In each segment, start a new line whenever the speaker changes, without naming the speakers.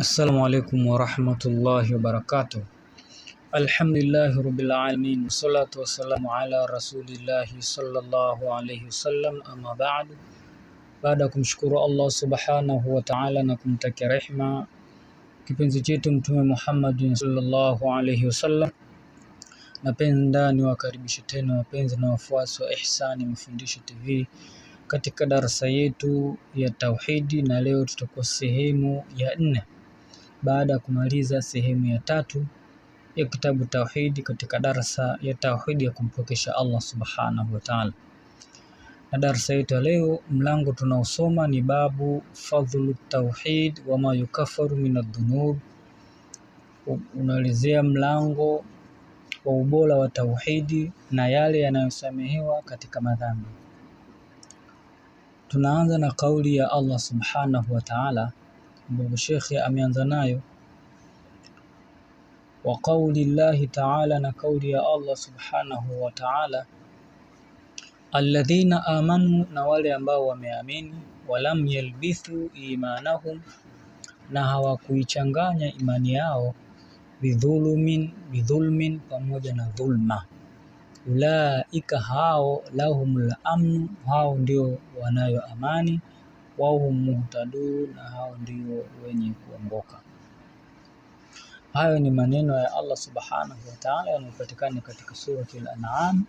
Assalamu alaikum warahmatullahi wabarakatuh. Alhamdulillahi rabbil alamin wassalatu wassalamu ala rasulillahi sallallahu alayhi wasallam, amma ba'du. Baada ya kumshukuru Allah subhanahu wa ta'ala na kumtakia rehma kipenzi chetu Mtume Muhammad sallallahu alayhi wasallam, napenda niwakaribishe tena wapenzi na wafuasi wa Ihsani Mafundisho TV katika darasa yetu ya tauhidi, na leo tutakuwa sehemu ya nne baada ya kumaliza sehemu ya tatu ya kitabu tauhidi katika darsa ya tauhidi ya kumpokesha Allah subhanahu wa ta'ala. Na darsa yetu ya leo, mlango tunaosoma ni babu fadhlu tauhid wa ma yukafaru min dhunub unaelezea mlango wa ubora wa tauhidi na yale yanayosamehewa katika madhambi. Tunaanza na kauli ya Allah subhanahu wa ta'ala ambayo shekhe ameanza nayo wa qauli llahi taala, na kauli ya Allah subhanahu wa taala, alladhina amanu, na wale ambao wameamini, walam yalbithu imanahum, na hawakuichanganya imani yao, bidhulumin bidhulmin, pamoja na dhulma, ulaika hao, lahumul amnu, hao ndio wanayo amani wahum muhtadun, na hao ndio wenye kuongoka. Hayo ni maneno ya Allah subhanahu wa ta'ala yanayopatikana katika surati Al-An'am.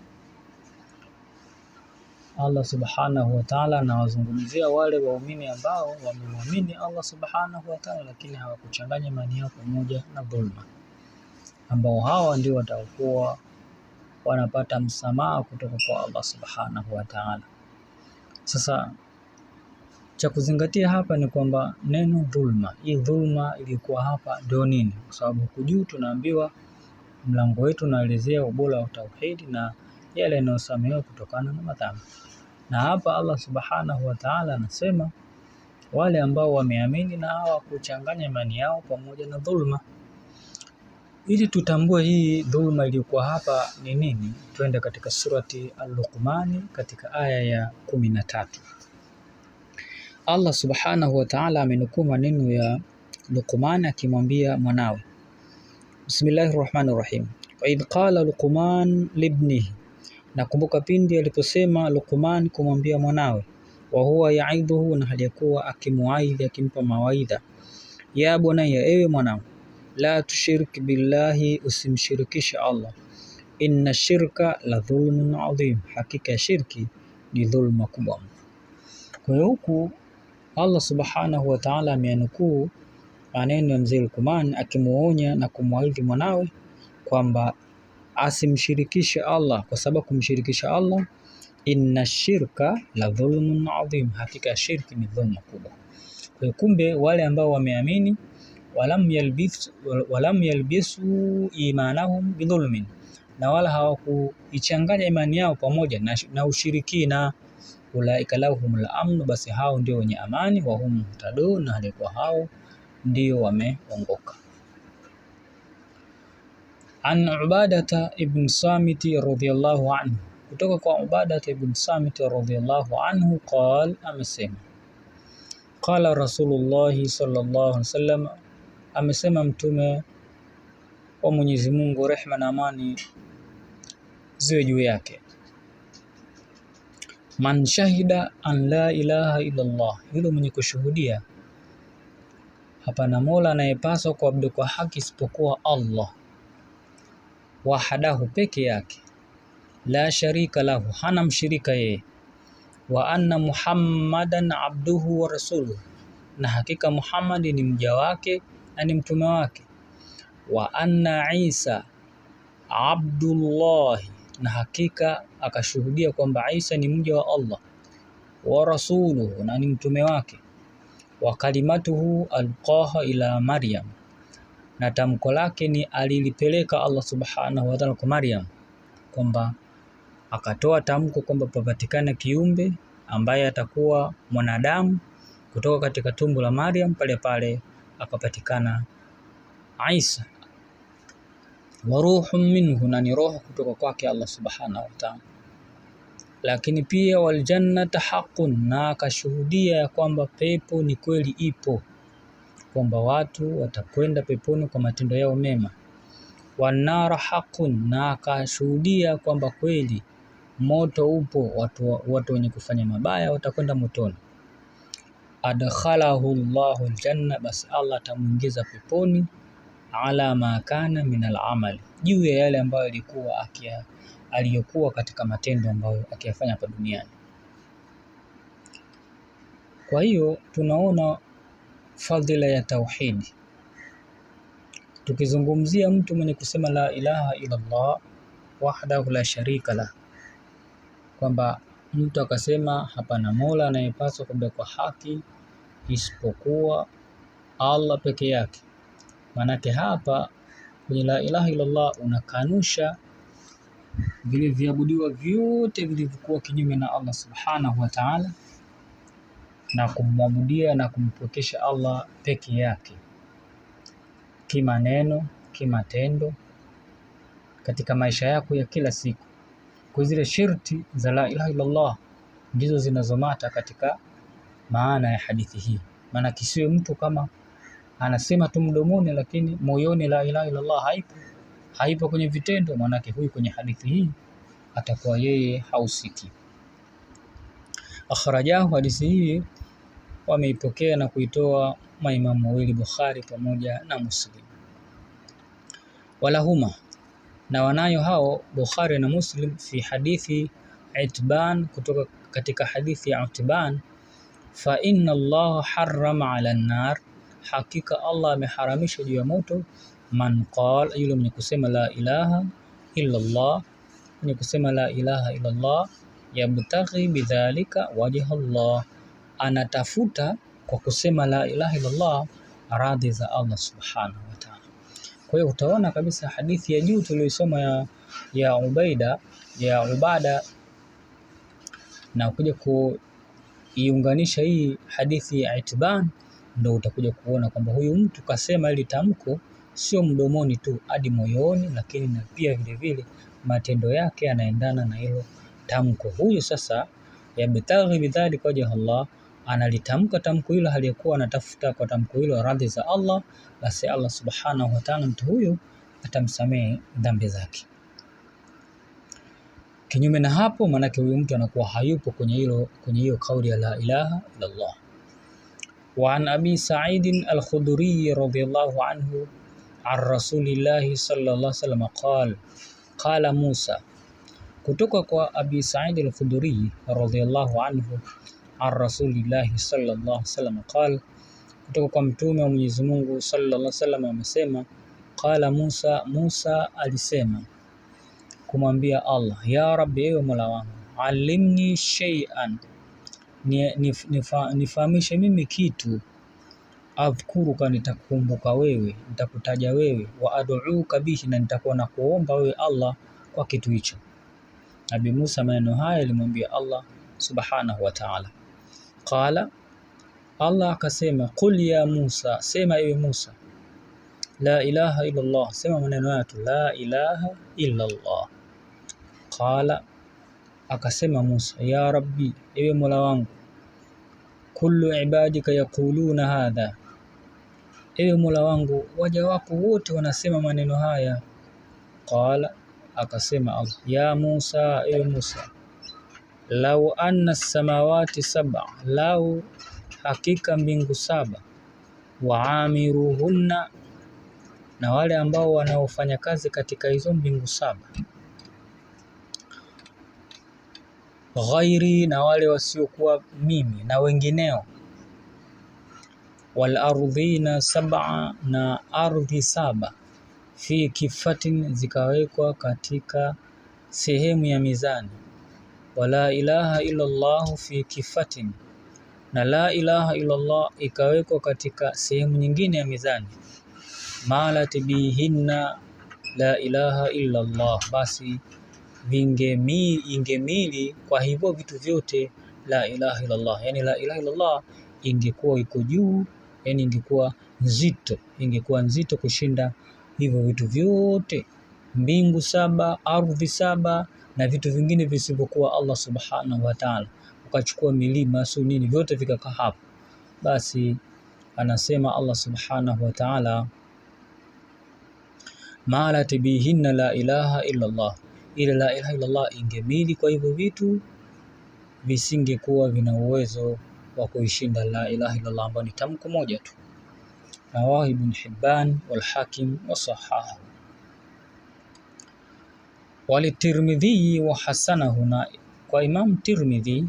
Allah subhanahu wa ta'ala anawazungumzia wale waumini ambao wamemwamini Allah subhanahu wa ta'ala, lakini hawakuchanganya imani yao pamoja na dhulma, ambao hawa ndio watakuwa wanapata msamaha kutoka kwa Allah subhanahu wa ta'ala. Sasa cha kuzingatia hapa ni kwamba neno dhulma, hii dhulma ilikuwa hapa ndio nini? Kwa sababu huku juu tunaambiwa mlango wetu unaelezea ubora wa tauhidi na yale yanayosamehewa kutokana na madhambi, na hapa Allah subhanahu wa taala anasema wale ambao wameamini na hawakuchanganya imani yao pamoja na dhulma. Ili tutambue hii dhulma iliyokuwa hapa ni nini, twende katika surati al luqman katika aya ya kumi na tatu. Allah subhanahu wa taala amenukuu maneno ya Luqman akimwambia mwanawe, bismillahi rahmani rahim, waidh qala Luqman libnihi, nakumbuka pindi aliposema Luqman kumwambia mwanawe, wa huwa yaidhuhu, na hali ya kuwa akimuaidhi, akimpa mawaidha, ya bunaya ewe mwanangu, la tushirik billahi, usimshirikishe Allah, inna shirka la dhulmun adhim, hakika ya shirki ni dhulma kubwa. Kwa hiyo huku Allah subhanahu wa taala ameyanukuu maneno ya mzee Luqman akimuonya na kumwahidi mwanawe kwamba asimshirikishe Allah, kwa sababu kumshirikisha Allah, inna shirka la dhulmun adhim, hakika ya shirki ni dhulma kubwa. Kwa kumbe wale ambao wameamini walam yalbisu, walam yalbisu imanahum bidhulmin, na wala hawakuichanganya imani yao pamoja na, na ushirikina ulaika lahumul amnu, basi hao ndio wenye amani, wahum muhtadun, na alikuwa hao ndio wameongoka. An Ubadata ibn Samiti radhiyallahu anhu, kutoka kwa Ubadata ibn Samiti radhiyallahu anhu, qal, amesema qala Rasulullah sallallahu alaihi wasallam, amesema mtume wa Mwenyezi Mungu, rehma na amani ziwe juu yake man shahida an la ilaha illallah, yule mwenye kushuhudia hapana mola anayepaswa kuabudu kwa haki isipokuwa Allah wahadahu, peke yake, la sharika lahu, hana mshirika yeye, wa anna muhammadan abduhu wa rasuluhu, na hakika Muhammadi ni mja wake na ni mtume wake, wa anna Isa abdullahi na hakika akashuhudia kwamba Isa ni mja wa Allah wa rasuluhu, na ni mtume wake, wa kalimatuhu alqaha ila Maryam, na tamko lake ni alilipeleka Allah subhanahu wa ta'ala kwa Maryam, kwamba akatoa tamko kwamba papatikana kiumbe ambaye atakuwa mwanadamu kutoka katika tumbo la Maryam, pale pale akapatikana Isa wa ruhun minhu, na ni roho kutoka kwake Allah subhanahu wa ta'ala. Lakini pia waljannata haqqun, na akashuhudia ya kwamba pepo ni kweli ipo, kwamba watu watakwenda peponi kwa matendo yao mema. Wanara haqqun, na akashuhudia kwamba kweli moto upo, watu, watu wenye kufanya mabaya watakwenda motoni. Adkhalahu Allahu aljanna, basi Allah atamwingiza peponi ala ma kana min al juu ya yale ambayo alikuwa aliyokuwa katika matendo ambayo akiyafanya hapa duniani. Kwa hiyo tunaona fadhila ya tauhidi. Tukizungumzia mtu mwenye kusema la ilaha illa Allah wahdahu la sharika lah, kwamba mtu akasema hapana mola anayepaswa kuabudiwa kwa haki isipokuwa Allah peke yake Maanake hapa kwenye la ilaha illallah unakanusha vile viabudiwa vyote vilivyokuwa kinyume na Allah subhanahu wa taala, na kumwabudia na kumpwekesha Allah peke yake, kimaneno, kimatendo, katika maisha yako ya kila siku. Kwa zile shirti za la ilaha illallah ndizo zinazomata katika maana ya hadithi hii, maana kisiwe mtu kama anasema tu mdomoni, lakini moyoni la ilaha illallah haipo, haipo kwenye vitendo. Maanake huyu kwenye hadithi hii atakuwa yeye hausiki. Akhrajahu, hadithi hii wameipokea na kuitoa maimamu wawili Bukhari pamoja na Muslim. Walahuma, na wanayo hao Bukhari na Muslim, fi hadithi Itban, kutoka katika hadithi ya Itban, fa inna Allah harrama ala an-nar hakika Allah ameharamisha juu ya moto man qala, yule mwenye kusema la ilaha illa Allah, mwenye kusema la ilaha illa Allah, yabtaghi bidhalika wajha Allah, anatafuta kwa kusema la ilaha illa Allah radhi za Allah subhanahu wa ta'ala. Kwa hiyo utaona kabisa hadithi ya juu tuliyosoma ya, ya Ubaida ya Ubada na kuja kuiunganisha hii hadithi ya Itban ndo utakuja kuona kwamba huyu mtu kasema ili tamko sio mdomoni tu hadi moyoni, lakini na pia vilevile matendo yake yanaendana na hilo tamko. Huyu sasa yabtaghi bidhalika wajha Allah, analitamka tamko hilo aliyekuwa anatafuta kwa tamko hilo radhi za Allah, basi Allah subhanahu wa ta'ala mtu huyu atamsamehe dhambi zake. Kinyume na hapo, maanake huyu mtu anakuwa hayupo kwenye hilo kwenye hiyo kauli ya la ilaha illa Allah. وعن أبي سعيد الخدري رضي الله عنه عن رسول الله صلى الله عليه وسلم قال قال موسى kutoka kwa Abi Said al-Khudri radhiyallahu anhu an Rasulillah sallallahu alaihi wasallam qal kutoka kwa mtume wa Mwenyezi Mungu sallallahu alaihi wasallam amesema, qala Musa, Musa alisema kumwambia Allah, ya Rabbi, ewe Mola wangu, alimni shay'an nifahamishe mimi kitu adhkuruka nitakukumbuka wewe nitakutaja wewe wa aduuka bihi na nitakuwa na kuomba wewe Allah kwa kitu hicho Nabi Musa maneno haya alimwambia Allah subhanahu wa ta'ala qala Allah akasema qul ya Musa sema ewe Musa la ilaha illa Allah sema maneno haya la ilaha illa Allah qala Akasema Musa, ya Rabbi, ewe Mola wangu, kullu ibadika yaquluna hadha, ewe Mola wangu, waja wako wote wanasema maneno haya. Qala, akasema Allah, ya Musa, ewe Musa, lau anna samawati saba, lau hakika mbingu saba, waamiruhunna, na wale ambao wanaofanya kazi katika hizo mbingu saba ghairi na wale wasiokuwa mimi na wengineo walardhina sab'a na ardhi saba fi kifatin zikawekwa katika sehemu ya mizani wala ilaha illa Allah fi kifatin na la ilaha illa Allah ikawekwa katika sehemu nyingine ya mizani malat bihinna la ilaha illa Allah basi ingemili kwa hivyo vitu vyote la ilaha illallah, yani la ilaha illallah ingekuwa iko juu, yani ingekuwa nzito, ingekuwa nzito kushinda hivyo vitu vyote, mbingu saba, ardhi saba na vitu vingine visivyokuwa Allah subhanahu wa ta'ala, ukachukua milima su nini vyote vikakaa hapo, basi anasema Allah subhanahu wa ta'ala bihinna la ilaha illa Allah ile la ilaha illallah ingemili kwa hivyo vitu visingekuwa vina uwezo wa kuishinda la ilaha illallah ambayo ni tamko moja tu. Rawahu Ibn Hibban walhakim wasahahu Tirmidhi wa hasanahu, na kwa Imam Tirmidhi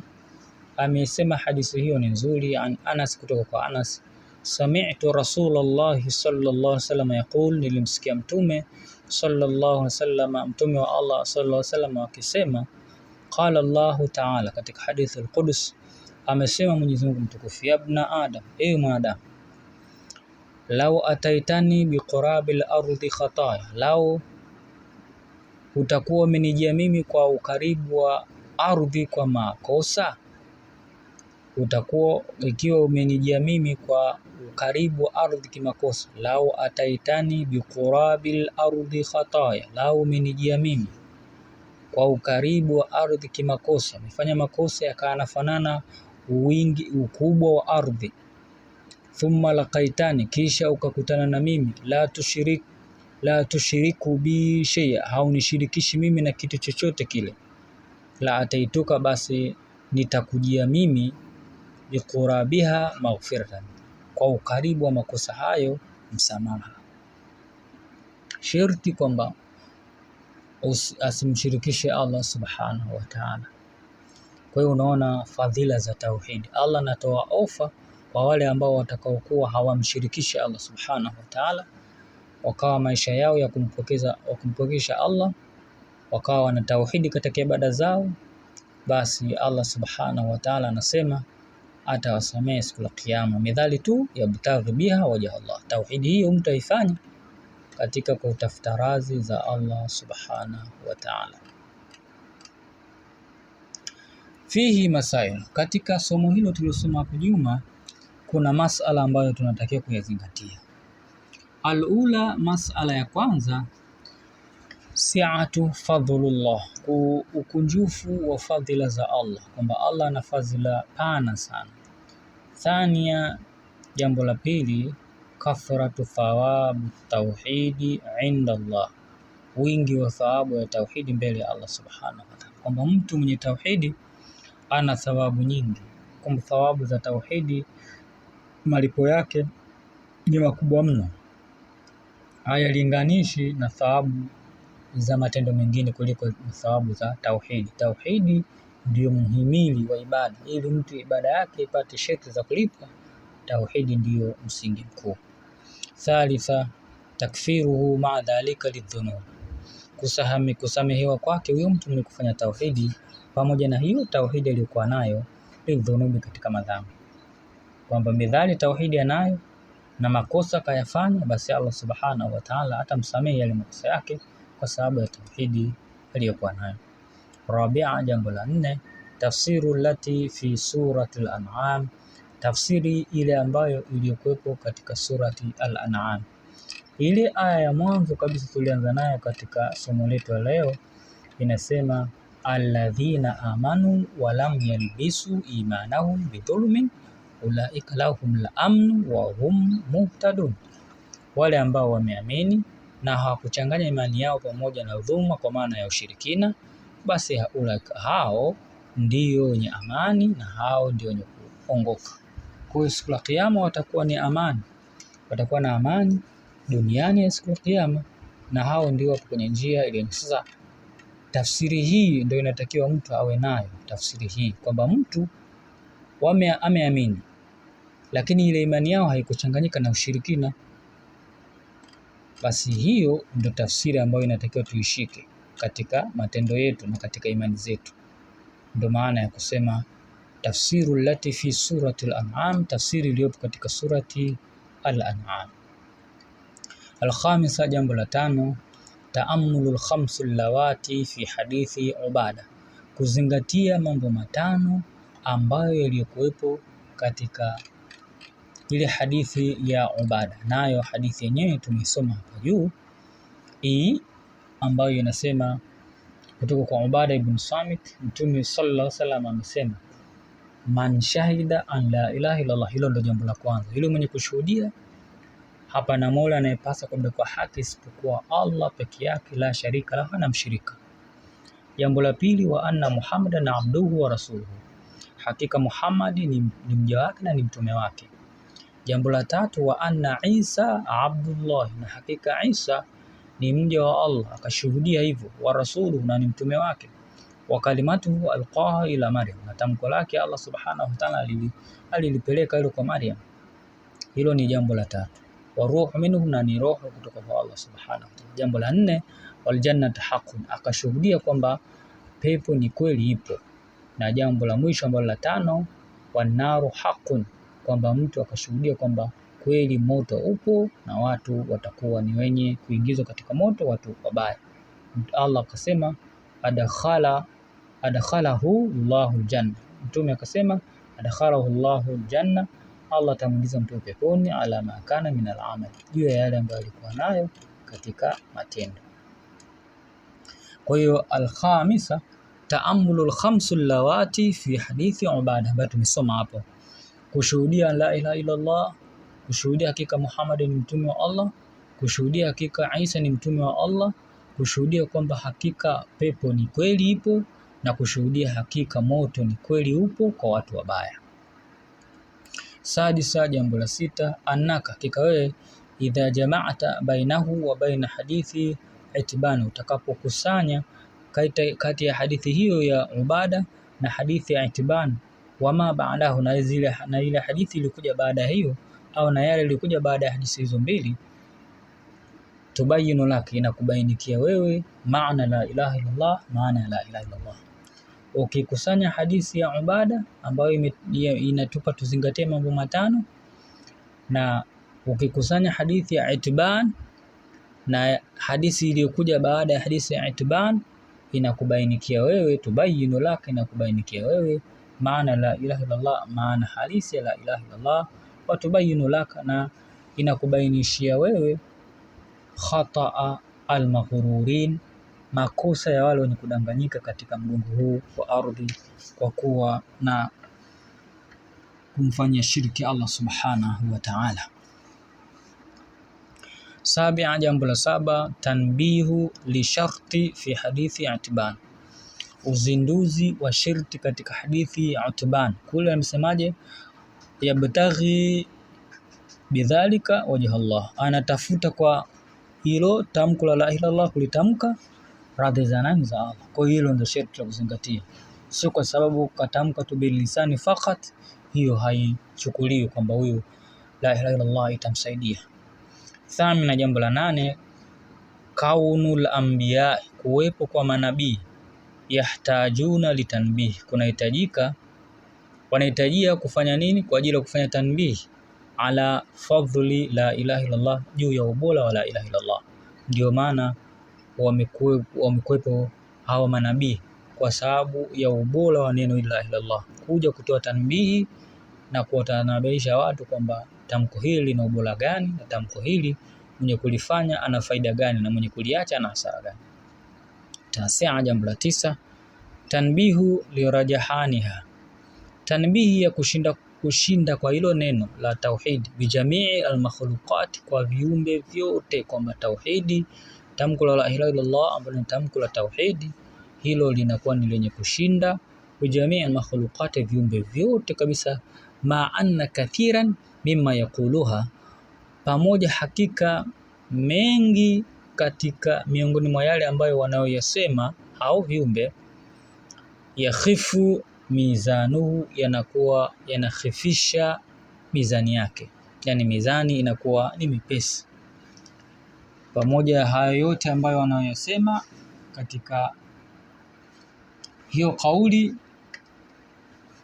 amesema hadithi hiyo ni nzuri. An Anas, kutoka kwa Anas sami'tu rasulallahi sallallahu alaihi wasallam yaqul, nilimsikia mtume sallallahu alaihi wasallam, mtume wa Allah sallallahu alaihi wasallam akisema, qala Allahu ta'ala, katika hadithi al-Qudus amesema Mwenyezi Mungu mtukufu, yabna adam, ewe mwanadamu, lau ataitani biqurabil ardi khataya, lau utakuwa umenijia mimi kwa ukaribu wa ardhi kwa makosa utakuwa ikiwa umenijia mimi kwa ukaribu ardhi kimakosa, lau ataitani biqurabil ardhi khataya, lau umenijia mimi kwa ukaribu wa ardhi kimakosa, amefanya makosa yakaanafanana uwingi ukubwa wa ardhi. Thumma laqaitani, kisha ukakutana na mimi, la tushrik la tushiriku bi shay'a, haunishirikishi mimi na kitu chochote kile. La ataituka, basi nitakujia mimi biqurabiha maghfiratan, kwa ukaribu wa makosa hayo msamaha. Sharti kwamba asimshirikishe Allah subhanahu wa ta'ala. Kwa hiyo unaona fadhila za tauhidi. Allah anatoa ofa kwa wale ambao watakaokuwa hawamshirikishi Allah subhanahu wa ta'ala, wakawa maisha yao ya kumpokeza kumpokesha Allah, wakawa na tauhidi katika ibada zao, basi Allah subhanahu wa ta'ala anasema atawasamehe siku ya Kiyama, midhali tu ya butaghi biha waja Allah. Tauhidi hiyo mtu aifanye katika kutafuta radhi za Allah subhanahu wa ta'ala. Fihi masail, katika somo hilo tuliosoma hapo nyuma kuna masala ambayo tunatakiwa kuyazingatia. Alula, masala ya kwanza siatu fadhlullah, ku ukunjufu wa fadhila za Allah, kwamba Allah ana fadhila pana sana. Thania, jambo la pili, kathratu thawabu tauhidi inda Allah, wingi wa thawabu ya tauhidi mbele ya Allah subhanahu wa ta'ala, kwamba mtu mwenye tauhidi ana thawabu nyingi, kwamba thawabu za tauhidi malipo yake ni makubwa mno, hayalinganishi na thawabu za matendo mengine kuliko thawabu za tauhidi. Tauhidi ndio muhimili wa ibada, ili mtu ibada yake ipate shekhe za kulipwa, tauhidi ndiyo msingi mkuu. Thalitha, takfiruhu maa dhalika lidhunub, kusahami kusamehewa kwake huyo mtu ni kufanya tauhidi pamoja na hiyo tauhidi aliyokuwa nayo lidhunubi, katika madhambi, kwamba midhali tauhidi anayo na makosa kayafanya, basi Allah subhanahu wa ta'ala atamsamehe yale makosa yake kwa sababu ya tauhidi aliyokuwa nayo. Rabia, jambo la nne, tafsiru lati fi surati al-An'am, tafsiri ile ambayo iliyokuwepo katika surati al-An'am. Ile aya ya mwanzo kabisa tulianza nayo katika somo letu la leo inasema alladhina amanu lam yalbisu imanahum bidhulmin ulaika lahum al amn wa hum muhtadun, wale ambao wameamini na hawakuchanganya imani yao pamoja na udhuma kwa maana ya ushirikina, basi haula hao ndio wenye amani na hao ndio wenye kuongoka. Kwa hiyo siku ya Kiyama watakuwa ni amani, watakuwa na amani duniani ya siku ya Kiyama, na hao ndio wapo kwenye njia ile. Sasa tafsiri hii ndio inatakiwa mtu awe nayo, tafsiri hii kwamba mtu wame ameamini, lakini ile imani yao haikuchanganyika na ushirikina. Basi hiyo ndio tafsiri ambayo inatakiwa tuishike katika matendo yetu na katika imani zetu. Ndio maana ya kusema tafsiru lati fi surati al-An'am, tafsiri iliyopo katika surati al-An'am. Alkhamisa, jambo la tano, taamulu lkhamsu lawati fi hadithi Ubada, kuzingatia mambo matano ambayo yaliyokuwepo katika ile hadithi ya Ubada, nayo hadithi yenyewe tumesoma hapa juu hii, ambayo inasema kutoka kwa Ubada ibn Samit, Mtume sallallahu alaihi wasallam amesema, man shahida an la ilaha illallah. Hilo ndio jambo la kwanza, yule mwenye kushuhudia hapa na Mola anayepasa kuabudiwa kwa haki isipokuwa Allah peke yake, la sharika lahu, hana mshirika. Jambo la pili, wa anna Muhammadan abduhu wa rasuluhu, hakika Muhammad ni, ni mja wake na ni mtume wake. Jambo la tatu, wa anna Isa abdullah, na hakika Isa ni mja wa Allah, akashuhudia hivyo. Wa rasulu na ni mtume wake. Wa kalimatuhu alqaha ila Maryam, na tamko lake Allah subhanahu wa ta'ala alilipeleka hilo kwa Maryam. Hilo ni jambo la tatu. Wa ruhu minhu, na ni roho kutoka kwa Allah subhanahu wa ta'ala. Jambo la nne, wal jannatu haqqun, akashuhudia kwamba pepo ni kweli ipo. Na jambo la mwisho ambalo la tano, wanaru haqqun kwamba mtu akashuhudia kwamba kweli moto upo na watu watakuwa ni wenye kuingizwa katika moto, watu wabaya. Allah akasema adkhala adkhalahu llahu ljanna. Mtume akasema adkhalahu llahu ljanna, Allah atamwingiza mtu peponi ala ma kana min alamali juu ya yale ambayo alikuwa nayo katika matendo. Kwa hiyo alkhamisa taamulu lkhamsu llawati fi hadithi Ubada ambayo tumesoma hapo kushuhudia la ilaha illallah, kushuhudia hakika Muhammad ni mtume wa Allah, kushuhudia hakika Isa ni mtume wa Allah, kushuhudia kwamba hakika pepo ni kweli ipo na kushuhudia hakika moto ni kweli upo kwa watu wabaya. Sadisa, jambo la sita, annaka, hakika wewe, idha jamaata bainahu wa baina hadithi itibana, utakapokusanya kati ya hadithi hiyo ya ubada na hadithi ya itibana wama baadahu, na zile na ile hadithi ilikuja baada hiyo, au na yale ilikuja baada ya hadithi hizo mbili, tubayinu laki, inakubainikia wewe maana la ilaha illallah, maana ya la ilaha illallah. Ukikusanya hadithi ya ubada ambayo inatupa tuzingatie mambo matano, na ukikusanya hadithi ya itban na hadithi iliyokuja baada ya hadithi ya itban inakubainikia wewe, tubayinu laka, inakubainikia wewe maana la ilaha illallah, maana halisi ya la ilaha illallah, watubayinu laka, na inakubainishia wewe khataa almaghrurin, makosa ya wale wenye kudanganyika katika mgongo huu wa ardhi, kwa kuwa na kumfanyia shirki Allah subhanahu wa ta'ala. Sabia, jambo la saba, tanbihu lisharti fi hadithi atiban uzinduzi wa shirti katika hadithi ya Utban kule amesemaje? Yabtaghi bidhalika wajha Allah, anatafuta kwa hilo tamko la la ilaha illallah kulitamka radhi za nani za Allah. Kwa hiyo hilo ndio sharti la kuzingatia, sio kwa sababu katamka tu bilisani fakat, hiyo haichukuliwi kwamba huyu la ilaha illallah itamsaidia. Thamina, jambo la nane, kaunul anbiya, kuwepo kwa manabii yahtajuna litanbih, kunahitajika wanahitajia kufanya nini kwa ajili ya kufanya tanbih ala fadhli la ilaha illallah, juu ya ubora wa la ilaha illallah. Ndio maana wamekuwepo hawa manabii kwa sababu ya ubora wa neno la ilaha illallah, kuja kutoa tanbihi na kuwatanabaisha watu kwamba tamko hili lina ubora gani na tamko hili mwenye kulifanya ana faida gani na mwenye kuliacha ana hasara gani tasia, jambo la tisa. Tanbihu lirajahaniha, tanbihi ya kushinda, kushinda kwa hilo neno la tauhid bijamii makhluqat, kwa viumbe vyote, kwa matauhidi tamko la la ilaha illallah ambalo ni tamko la tauhidi, hilo linakuwa ni lenye kushinda bijamii makhluqat, viumbe vyote kabisa. Ma anna kathiran mimma yaquluha, pamoja hakika mengi katika miongoni mwa yale ambayo wanayoyasema au viumbe yakhifu mizanuhu, yanakuwa yanakhifisha mizani yake, yani mizani inakuwa ni mepesi. Pamoja na hayo yote ambayo wanayoyasema katika hiyo kauli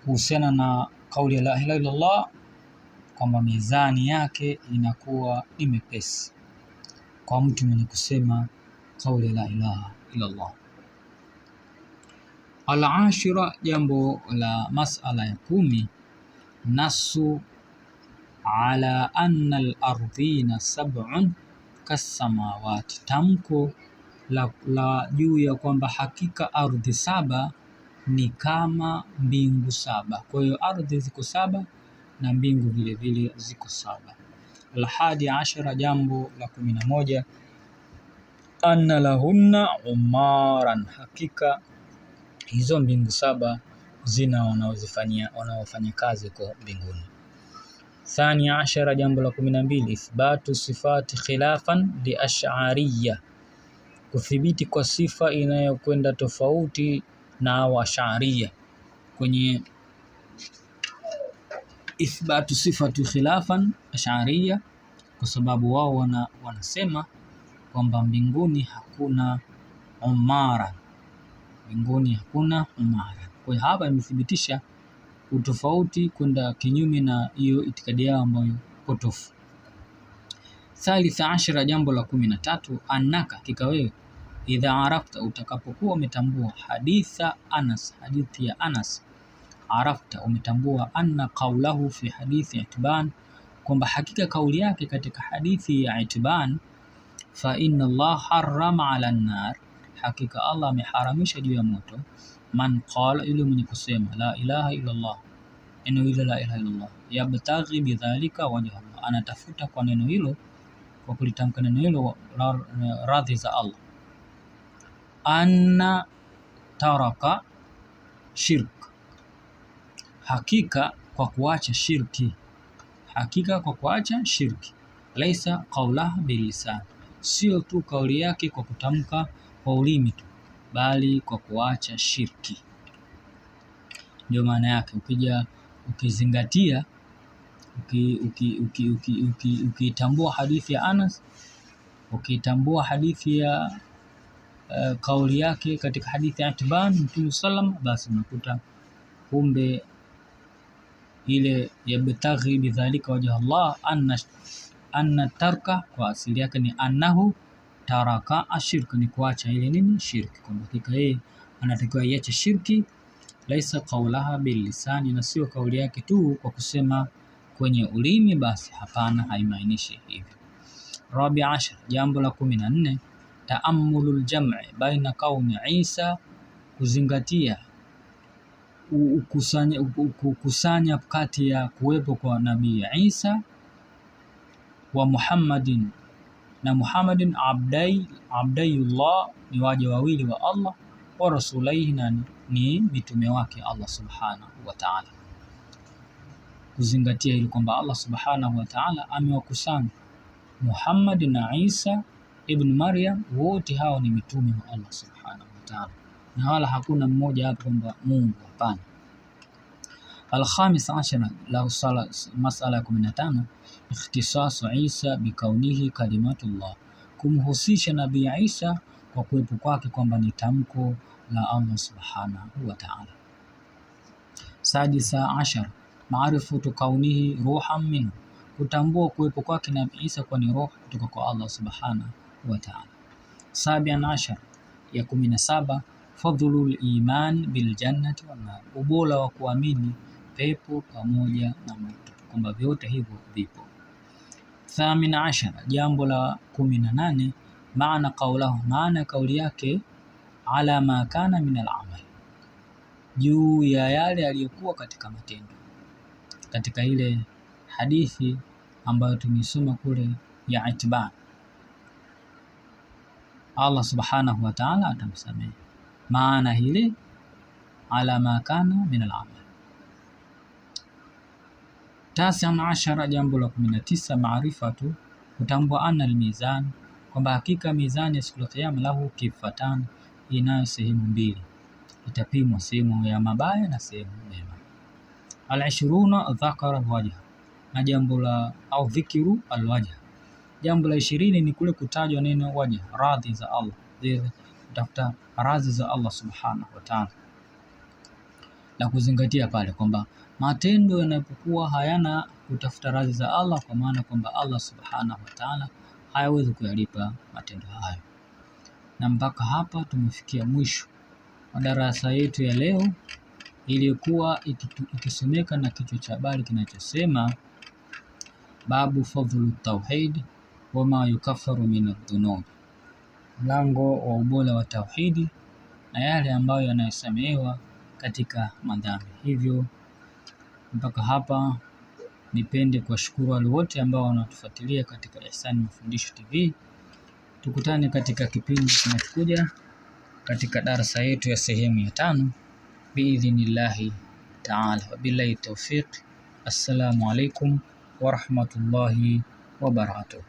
kuhusiana na kauli ya la ilaha illallah, kwamba mizani yake inakuwa ni mepesi kwa mtu mwenye kusema kauli la ilaha illa Allah. Alashira, jambo la masala ya kumi, nasu ala anna al-ardhina sab'un kasamawati, tamko la, la juu ya kwamba hakika ardhi saba ni kama mbingu saba. Kwa hiyo ardhi ziko saba na mbingu vilevile ziko saba. Alhadi ashara, jambo la kumi na moja anna lahunna umaran, hakika hizo mbingu saba zina wanaozifanyia wanaofanya kazi huko mbinguni. Thani ashara, jambo la kumi na mbili ithbatu sifati khilafan li ash'ariyya, kuthibiti kwa sifa inayokwenda tofauti na washaria kwenye ithbatu sifatu khilafan ashariya, kwa sababu wao wana, wanasema kwamba mbinguni hakuna umara, mbinguni hakuna umara. Kwa hiyo hapa imethibitisha utofauti kwenda kinyume na hiyo itikadi yao ambayo potofu. Thalitha ashara, jambo la kumi na tatu, anaka hakika wewe idha arafta, utakapokuwa umetambua haditha Anas, hadithi ya Anas arafta, umetambua anna qaulahu fi hadithi Itban, kwamba hakika kauli yake katika hadithi ya Itban, fa inna Allah harrama ala nar, hakika Allah ameharamisha juu ya moto. Man qala, yule mwenye kusema la ilaha illa Allah, neno hilo la ilaha illa Allah, yabtaghi bidhalika wajha, anatafuta kwa neno hilo, kwa kulitamka neno hilo radhi za Allah, anna taraka shirk hakika kwa kuacha shirki, hakika kwa kuacha shirki. Laisa qaulaha bilisan, sio tu kauli yake kwa kutamka kwa ulimi tu, bali kwa kuacha shirki. Ndio maana yake. Ukija ukizingatia ukiitambua uki, uki, uki, uki, uki hadithi ya Anas ukiitambua hadithi ya uh, kauli yake katika hadithi ya Atban Mtume sallam, basi unakuta kumbe ile yabtaghi bidhalika wajha Allah anna, anna tarka kwa asili yake ni annahu taraka ashirka, ni kuacha ile nini shirki, kwa hakika yeye anatakiwa iache shirki. Laisa qaulaha bilisani, na sio kauli yake tu kwa kusema kwenye ulimi basi, hapana, haimaanishi hivyo. Rabi ashar, jambo la kumi na nne taamulu ljam'i baina qaumi Isa, kuzingatia ukusanya, kukusanya kati ya kuwepo kwa Nabii Isa wa Muhammadin na Muhammadin abdai abdaiullah ni waja wawili wa Allah wa rasulaihi na ni mitume wake Allah subhanahu wa ta'ala. Kuzingatia ili kwamba Allah subhanahu wa ta'ala amewakusanya Muhammad na Isa ibn Maryam, wote hao ni mitume wa Allah subhanahu wa ta'ala na wala hakuna mmoja hapo Mungu, hapana. Alkhamis ashara la usala, masala ya kumi na tano ikhtisasu Isa bikaunihi kalimatullah, kumhusisha Nabii Isa kwa kuwepo kwake kwamba ni tamko la Allah subhanahu wa ta'ala. Sadisa ashar maarifatu kaunihi ruhan minhu, kutambua kuwepo kwake Nabii Isa kwa ni roho kutoka kwa Allah subhanahu wa ta'ala. Sabian ashar ya kumi na saba fadhlul iman bil jannati wan nar, ubora wa kuamini pepo pamoja na moto, kwamba vyote hivyo vipo. Thamina ashara, jambo la kumi na nane maana qaulahu, maana kauli yake ala ma kana min al-amal, juu ya yale aliyokuwa katika matendo. Katika ile hadithi ambayo tumesoma kule ya Itban, Allah subhanahu wa ta'ala atamsamehe maana hili ala ma kana min al-amal. Tasian ashara, jambo la 19, maarifatu, kutambua anna al-mizan, kwamba hakika mizani ya siku ya kiyama lahu kifatan, inayo sehemu mbili, itapimwa sehemu ya mabaya na sehemu mema. al ishruna dhakara al-wajh, na jambo la au dhikru al-wajh, jambo la ishirini ni kule kutajwa neno wajh, radhi za Allah kutafuta radhi za Allah subhanahu wa ta'ala, na kuzingatia pale kwamba matendo yanapokuwa hayana kutafuta radhi za Allah, kwa maana kwamba Allah subhanahu wa ta'ala hayawezi kuyalipa matendo hayo. Na mpaka hapa tumefikia mwisho wa darasa yetu ya leo iliyokuwa ikisomeka na kichwa cha habari kinachosema babu fadhlu tauhid wama yukafaru min adhunub mlango wa ubora wa tauhidi na yale ambayo yanayosamehewa katika madhambi. Hivyo mpaka hapa, nipende kuwashukuru wale wote ambao wanatufuatilia katika Ihsani Mafundisho TV. Tukutane katika kipindi kinachokuja katika darasa yetu ya sehemu ya tano biidhnillahi taala. Wabillahi taufiq. Assalamu alaikum warahmatullahi wabarakatuh.